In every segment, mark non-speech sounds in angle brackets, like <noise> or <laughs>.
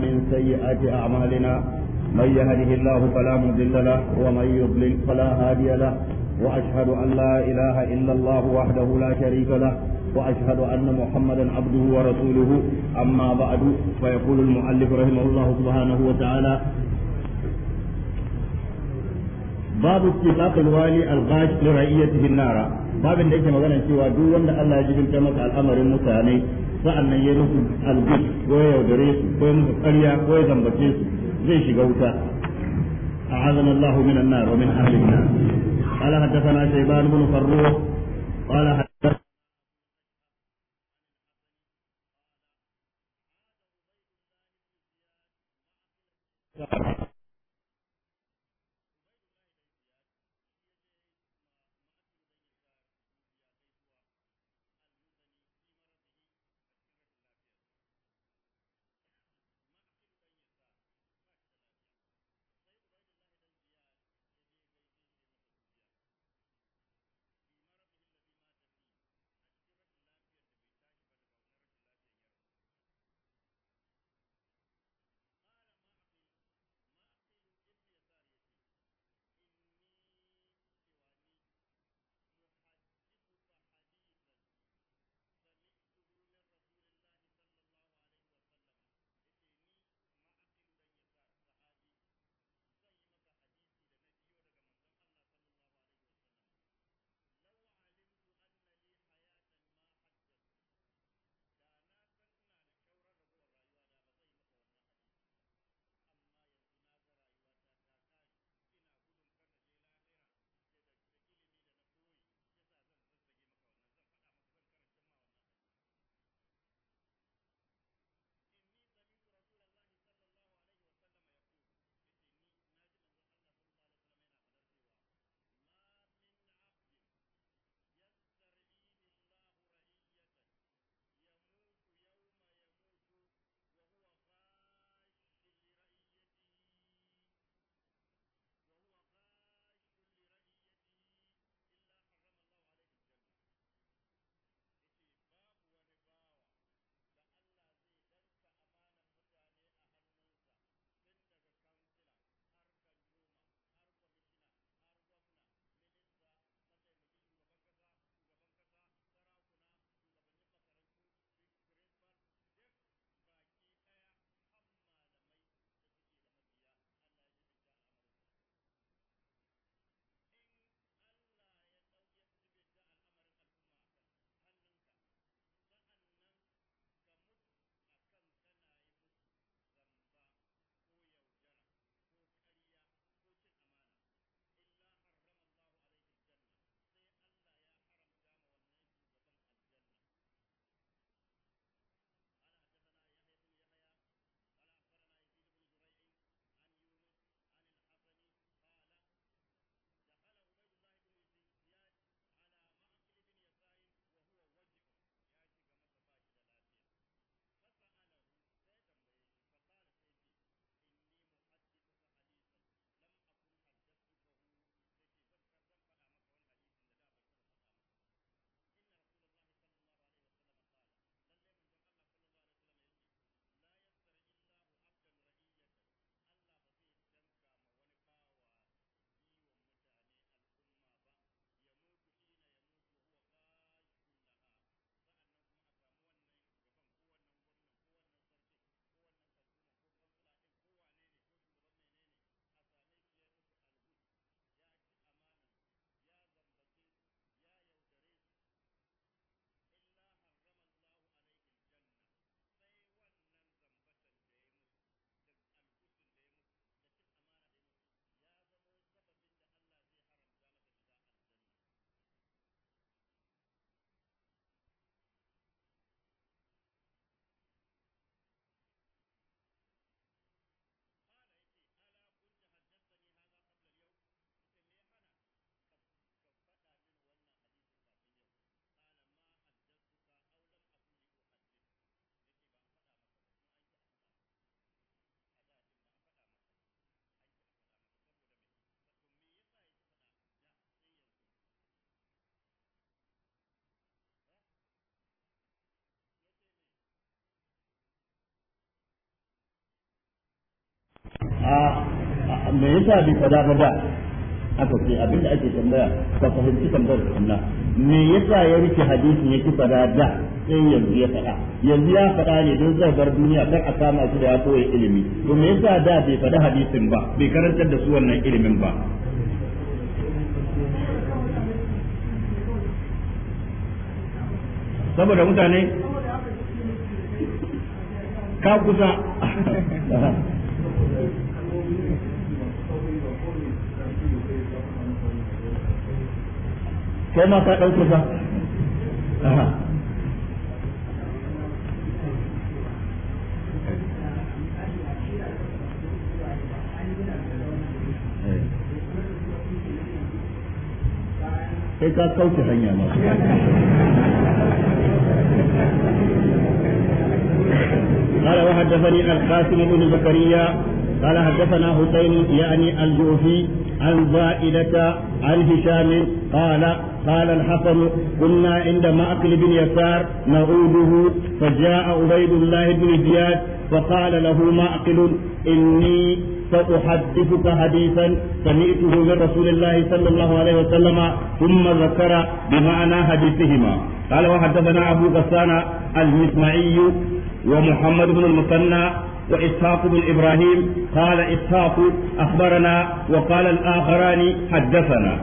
من سيئات أعمالنا من يهده الله فلا مضل له ومن يضلل فلا هادي له وأشهد أن لا إله إلا الله وحده لا شريك له وأشهد أن محمدا عبده ورسوله أما بعد فيقول المؤلف رحمه الله سبحانه وتعالى باب اتفاق الوالي الغاش لرعيته النار باب an-nara babin da yake magana cewa sa'an nan ya nufi albi ko ya yaudare su ko ya nufi ƙarya ko ya zambace su zai shiga wuta a azan أعاذنا الله من النار ومن أهل النار قال حدثنا شيبان بن فروخ قال me yasa bai fada ba ba aka ce abinda ake tambaya ka fahimci tambayar sunna me yasa ya rike hadisi yake fada da sai yanzu ya fada yanzu ya fada ne don zai bar duniya kar a kama shi da ya koyi ilimi to me yasa da bai fada hadisin ba bai karantar da su wannan ilimin ba saboda mutane ka kusa <laughs> kai ma ka ɗauke ba sai ka kauce hanya ma قال وحدثني القاسم بن زكريا قال حدثنا حسين يعني الجوفي عن زائدة عن هشام قال قال الحسن كنا عند مأكل بن يسار نعوده فجاء عبيد الله بن زياد فقال له مأكل إني سأحدثك حديثا سمعته من رسول الله صلى الله عليه وسلم ثم ذكر بمعنى حديثهما قال وحدثنا أبو غسان المسمعي ومحمد بن المثنى وإسحاق بن إبراهيم قال إسحاق أخبرنا وقال الآخران حدثنا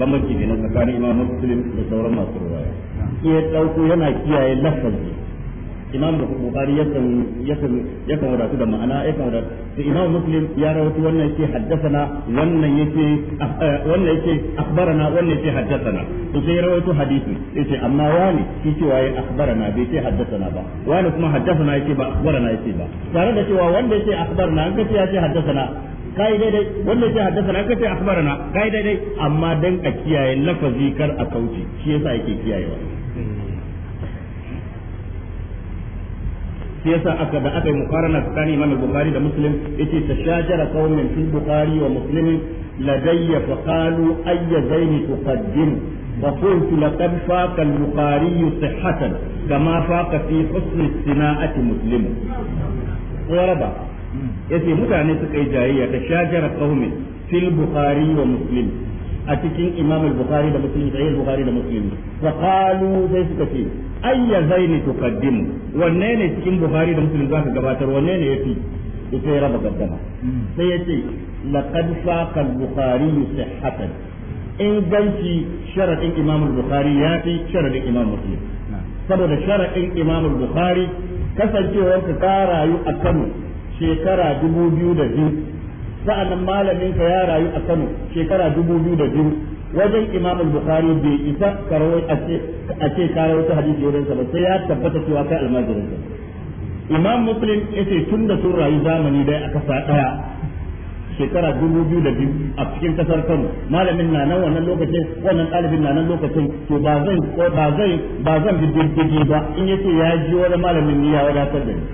بمكي في نزل كان إمام مسلم بشورة ما تروى نعم. يتوقع إيه، هنا كيا يلفظ imam bukhari yakan yakan yakan wadatu da ma'ana yakan wadatu to imam muslim ya rawaito wannan yake haddathana wannan yake wannan yake akhbarana wannan yake haddathana to sai ya rawatu hadisi yace amma wani shi cewa ya akhbarana bai ce haddathana ba wani kuma haddathana yake ba akhbarana yake ba tare da cewa wanda yake akhbarana an kace ya ce haddathana kai daidai wanda yake haddasa na kace akhbarana kai daidai amma dan a kiyaye lafazi kar a kauce shi yasa yake kiyayewa shi yasa aka da aka yi muqarana tsakanin Imam Bukhari da Muslim yace tashajara qaumin fil Bukhari wa Muslim ladayya fa qalu ayya zaini tuqaddim فقلت لقد فاق البخاري صحة كما فاق في حسن الصناعة مسلم وربا يتي متعني سكي جاية تشاجر قوم في البخاري ومسلم a cikin Imam al-Bukhari da Muslim al-Bukhari da Muslim fa qalu sai suka ce ayya zaini tuqaddimu wanne ne cikin Bukhari da Muslim zaka gabatar wanne ne yafi sai ya gaddama sai yace laqad faqa al-Bukhari sihhatan sharadin Imam al-Bukhari ya fi sharadin Imam Muslim saboda sharadin Imam al-Bukhari kasancewar ka rayu a Kano shekara dubu da sa'annan malamin ka ya rayu a Kano shekara dubu biyu da biyu wajen Imam Bukhari bai isa karawai a ce karawai ta hadisi wurin sa ba sai ya tabbata cewa kai almajirin sa Imam Muslim yace tun da sun rayu zamani dai a kasa daya shekara dubu biyu da biyu a cikin kasar Kano malamin na nan wannan lokacin wannan ɗalibin na nan lokacin to ba zan ba zai ba zan bi ba in yace ya ji wani malamin ya wadatar da ni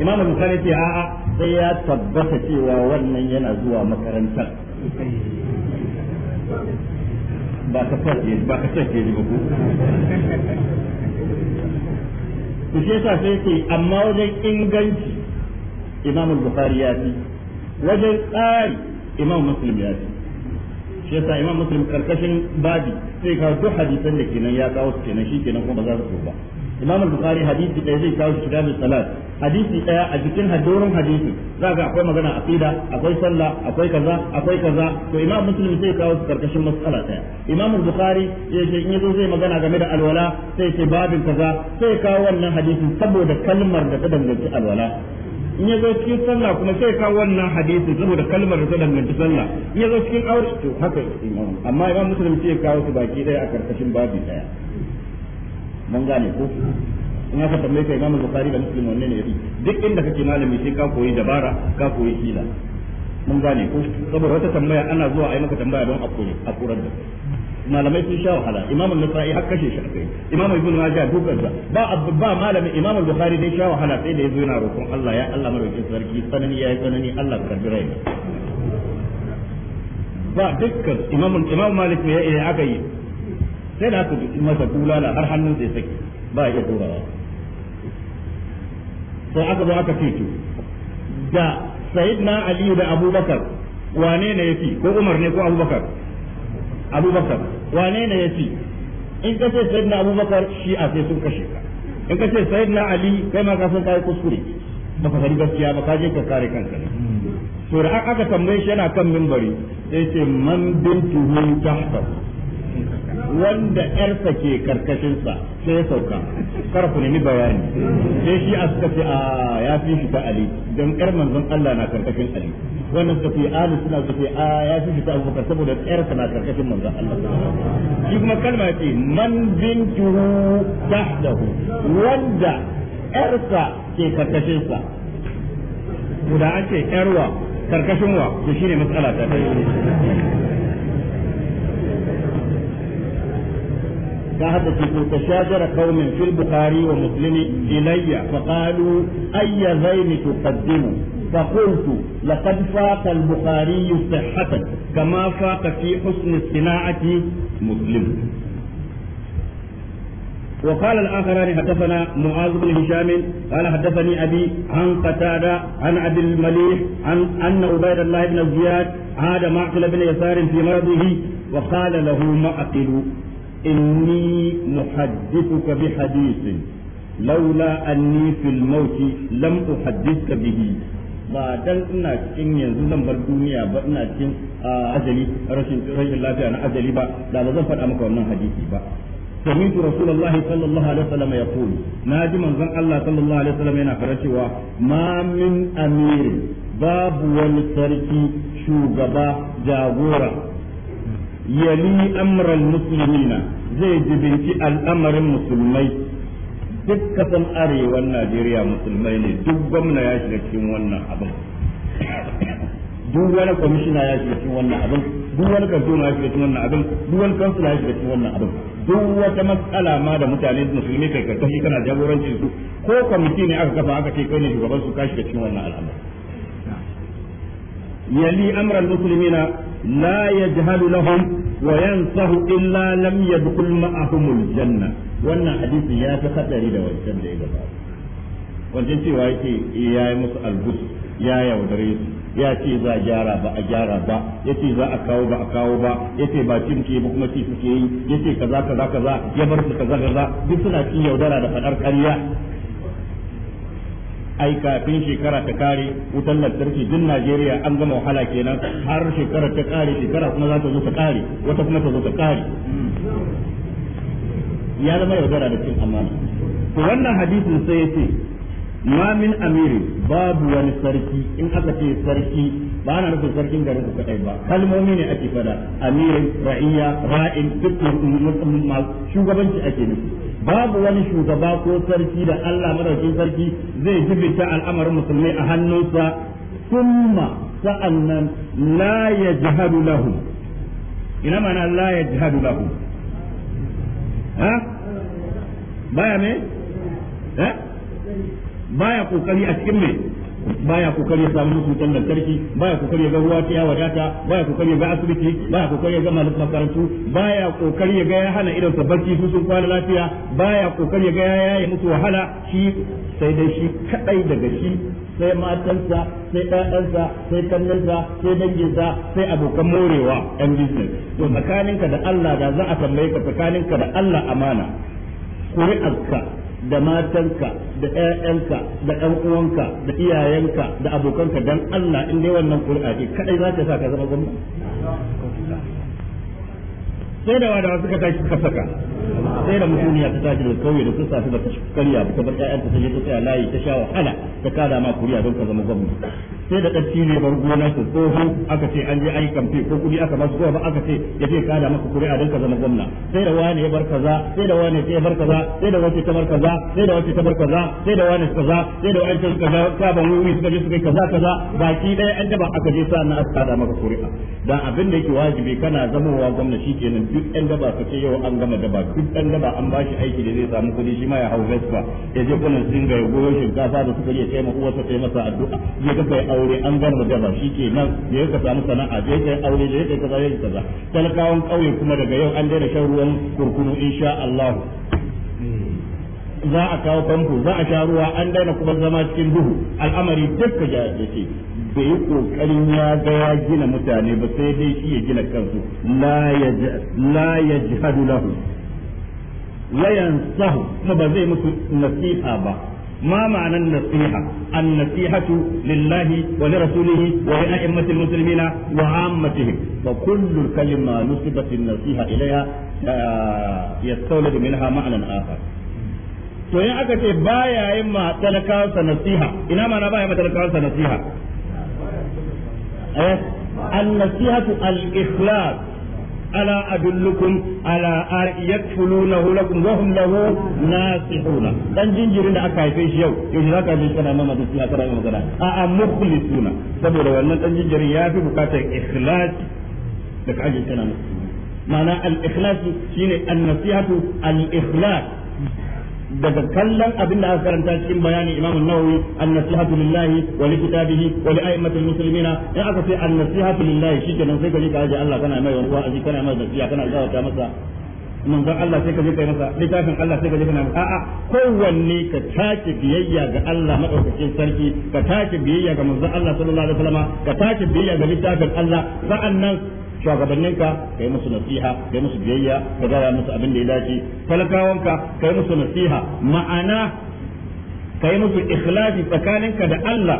imam al-bukhari ce a'a sai ya tabbata cewa wannan yana zuwa makarantar ba ka sake ba ka sake ba ku ku ce ta sai ce amma wajen inganci imam al-bukhari ya fi wajen tsari imam muslim ya fi shi yasa imam muslim karkashin babi sai ka duk hadisan da kenan ya kawo kenan shi kenan kuma ba za su ba imam al-bukhari hadisi ɗaya zai kawo shiga mai salat hadisi ɗaya a cikin hadorin hadisi za ga akwai magana aqida akwai sallah akwai kaza akwai kaza to imam muslim zai kawo karkashin mas'ala ɗaya imam al-bukhari ya ce in yazo zai magana game da alwala sai ce babin kaza sai kawo wannan hadisin saboda kalmar da ta danganci alwala in ya zo cikin sallah kuma sai kawo wannan hadisi saboda kalmar ta danganci sallah in ya zo cikin aure to haka amma imam muslim sai ya kawo su baki daya a karkashin babin daya mun gane ko in aka tambaye ka imamu bukhari da muslim wannan ne yafi duk inda kake malami sai ka koyi dabara ka koyi kila mun gane ko saboda wata tambaya ana zuwa a yi maka tambaya don a kurar da malamai sun sha wahala imamu nasai har kashe shi akai imamu ibn majah dukkan sa ba ba malami imamu al-bukhari dai sha wahala sai da yazo yana roƙon Allah ya Allah madaukakin sarki sanani ya sanani Allah ka jira ba dukkan imamu imamu malik ne ya aka yi sai da aka masa bulala har hannun sai sake ba ya turawa sai aka zo aka ce da sayyidina ali da abubakar wane ne yafi ko umar ne ko abubakar abubakar wane ne yafi in ka ce sayyidina abubakar shi a sai sun kashe ka in ka ce sayyidina ali kai ma ka san kai kuskure baka sani gaskiya ba ka je ka kare kanka ne to da aka tambaye shi yana kan mimbari sai ce man bintuhu tahta wanda ƴarsa ke karkashinsa sai ya sauka kar ku nemi bayani sai shi a suka ce a ya fi shi ta ali don ƴar manzon Allah na karkashin ali wannan suka ce ali suna suka ce a ya fi shi ta abubakar saboda ƴarsa na karkashin manzon Allah shi kuma kalma ce man bintuhu tahdahu wanda ƴarsa ke karkashinsa guda an ce karkashin wa to shine matsala ta فحدث تشاجر قوم في البخاري ومسلم إلي فقالوا أي ذين تقدم فقلت لقد فاق البخاري صحة كما فاق في حسن الصناعة مسلم وقال الآخران حدثنا معاذ بن هشام قال حدثني أبي عن قتادة عن عبد المليح عن أن عبيد الله بن زياد عاد معقل بن يسار في مرضه وقال له معقل إني محدثك بحديث لولا أني في الموت لم أحدثك به ba dan ina cikin yanzu zan bar duniya ba ina cikin ajali rashin rashin lafiya na ajali ba da ba zan faɗa maka wannan hadisi ba سمعت رسول الله صلى الله عليه وسلم يقول ناجي من زن الله صلى الله عليه وسلم هنا فرشوا ما من أمير باب والسركي شوغبا جاغورا yali amral muslimina zai jibinci al'amarin musulmai duk kasan arewan Najeriya musulmai ne duk gwamna ya shiga cikin wannan abin duk wani kwamishina ya shiga cikin wannan abin duk wani kantoma ya shiga cikin wannan abin duk wani kansula ya shiga cikin wannan abin duk wata matsala ma da mutane musulmi kai karkashi kana jagorancin su ko kwamiti ne aka kafa aka ce kai ne shugaban su ka shiga cikin wannan al'amari yali amral muslimina la yajhalu lahum wa yansahu illa lam yadkhul ma'ahumul janna wannan hadisi ya fi hadari da wancan da ya gabata wancan cewa yake ya yi musu albus ya yaudare su ya ce za a gyara ba a gyara ba ya ce za a kawo ba a kawo ba ya ce ba cin ke ba kuma ci suke yi ya ce kaza kaza kaza ya bar su kaza kaza duk suna cin yaudara da fadar kariya. ai kafin shekara ta kare wutar lantarki duk Najeriya an gama wahala kenan har shekara ta kare shekara kuma za ta zo ta kare wata kuma ta zo ta kare ya zama yaudara da cin amana to wannan hadisin sai ce ma min amiri babu wani sarki in aka ce sarki ba na nufin sarkin garin ku kadai ba kalmomi ne ake fada amirin ra'iya ra'in duk shugabanci ake nufi babu wani shugaba ko sarki da Allah madaukakin sarki zai jibita al'amarin musulmai a hannunsa summa sa'annan la yajhadu lahum ina mana la yajhadu lahum ha baya me eh baya kokari a cikin me baya kokari ya samu musu lantarki baya kokari ya ga ruwa ta wadata baya kokari ya ga asibiti baya kokari ya ga malaman makarantu baya kokari ya ga ya hana irin barci su sun kwana lafiya baya kokari ya ga ya yaye musu wahala shi sai dai shi kadai daga shi sai matansa sai ɗaɗansa sai kannansa sai danginsa sai abokan morewa yan business to tsakaninka da Allah da za a tambaye ka tsakaninka da Allah amana kuri'arka da matanka da ƴaƴanka da ɗan uwanka da iyayenka da abokanka dan Allah in dai wannan Qur'ani kadai za ta sa ka zama gwamnati sai da wadawa suka tashi suka saka sai da mutuniya ta tashi da kauye da kusa safi da ta karya ba ta bar ƴaƴan ta je ta tsaya layi ta sha wahala ta kada ma kuriya don ka zama gwamnati sai da ɗarci ne bar gona su tsoho aka ce an je ayi kamfe ko kuɗi aka basu zuwa ba aka ce ya je kada maka kuriya don ka zama gwamna sai da wani ya bar kaza sai da wani ya bar kaza sai da wace ta bar kaza sai da wace ta bar kaza sai da wani kaza sai da wani kaza ka ban wuri suka je suka yi kaza kaza baki ɗaya an daba aka je sa na aka kada maka kuriya dan abin da yake wajibi kana zamowa gwamna kenan duk ɗan daba ka ce yau an gama daba duk ɗan daba an bashi aiki da zai samu kuɗi shi ma ya hau vespa ya je kuna singa ya goyo shinkafa da suka ya kai wasa uwarsa kai masa addu'a ya kafa kai aure an gama daba shi ke nan ya ka samu sana'a ya kai aure ya kai kaza ya kaza talakawan ƙauye kuma daga yau an daina shan ruwan kurkunu insha Allah za a kawo famfo za a sha ruwa an daina kuma zama cikin duhu al'amari duk ka ja ce bai yi kokarin ya ga ya gina mutane ba sai dai shi ya gina kansu la yajhadu lahu la yansahu kuma ba zai musu nasiha ba ما معنى النصيحة النصيحة لله ولرسوله ولأئمة المسلمين وعامتهم فكل الكلمة نسبت النصيحة إليها يستولد منها معنى آخر to yin aka ce baya yin ma talakawansa nasiha ina ma na baya ma nasiha النصيحة الإخلاص ألا أدلكم على يكفلونه لكم وهم له ناصحون dan jinjirin da aka haife shi yau yanzu zaka ji kana mama da siya kana mama kana a a mukhlisuna saboda wannan dan jinjirin ya fi bukatar ikhlas da ka aje ma'ana al-ikhlas shine an-nasihatu al-ikhlas daga kallon abin da aka karanta cikin bayanin Imam An-Nawawi an-nasihatu lillahi wa li kitabihi wa li a'immatil muslimina in aka ce an-nasihatu lillahi shikenan sai ka ji ka ji Allah kana mai wani wa'azi kana mai nasiha kana zawata masa manzon Allah sai ka je kai masa littafin Allah sai ka je kana a'a kowanne ka take biyayya ga Allah madaukakin sarki ka take biyayya ga manzon Allah sallallahu alaihi wasallam ka take biyayya ga littafin Allah sa'annan ka kai musu nasiha kai musu biyayya ka gaya musu abin da ya dace talakawanka kai musu nasiha ma'ana kai musu ikhlasi tsakaninka da Allah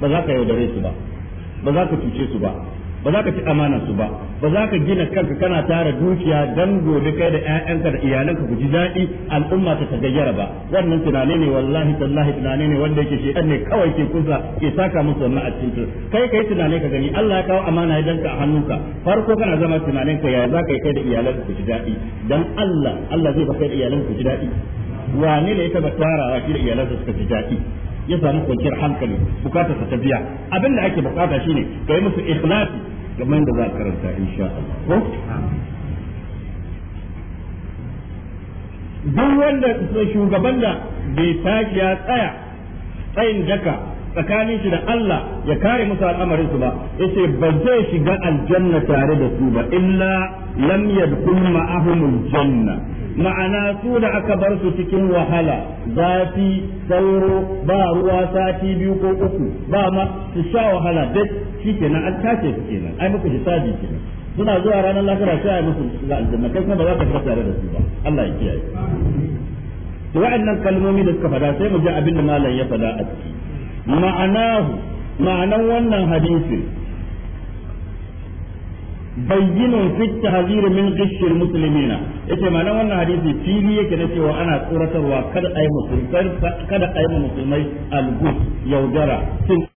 ba za ka yaudare su ba ba za ka cuce su ba ba za ka ci amana su ba ba za ka gina kanka kana tara dukiya dan gobe kai da ƴaƴanka da iyalanka ku ji daɗi al'umma ta gayyara ba wannan tunane ne wallahi tallahi tunane ne wanda yake shedan ne kawai ke kusa ke saka musu wannan a cikin kai kai tunani ka gani Allah ya kawo amana ya danka a hannunka farko kana zama tunanin ka ya za ka yi kai da iyalanka ku ji daɗi dan Allah Allah zai kai da iyalanka ku ji daɗi wane ne ya taba tarawa shi da iyalansa suka ji daɗi ya samu kwanciyar hankali bukatar ta biya abin da ake bukata shine kai musu ikhlasi kamar da za a karanta insha Allah ko duk wanda shugaban da bai tashi ya tsaya tsayin daka tsakanin shi da Allah ya kare musu al'amarin su ba yace ba zai shiga aljanna tare da su ba illa lam yadkhul ma'ahum janna ma'ana su da aka bar su cikin wahala zafi sauro ba ruwa sati biyu ko uku ba ma su sha wahala duk shikenan an tace su kenan ai muku hisabi kenan suna zuwa ranar lahira sai ai musu za aljanna kai kuma ba za ka fita tare da su ba Allah ya kiyaye to wa'annan kalmomi da suka fada sai mu ji abin da malam ya fada a ciki ma'anahu ma'anan wannan hadisin bayyinun fi tahzir min qishr muslimina yace ma'anan wannan hadisi fili yake na cewa ana tsoratarwa kada ai musulmai kada ai musulmai algus yaudara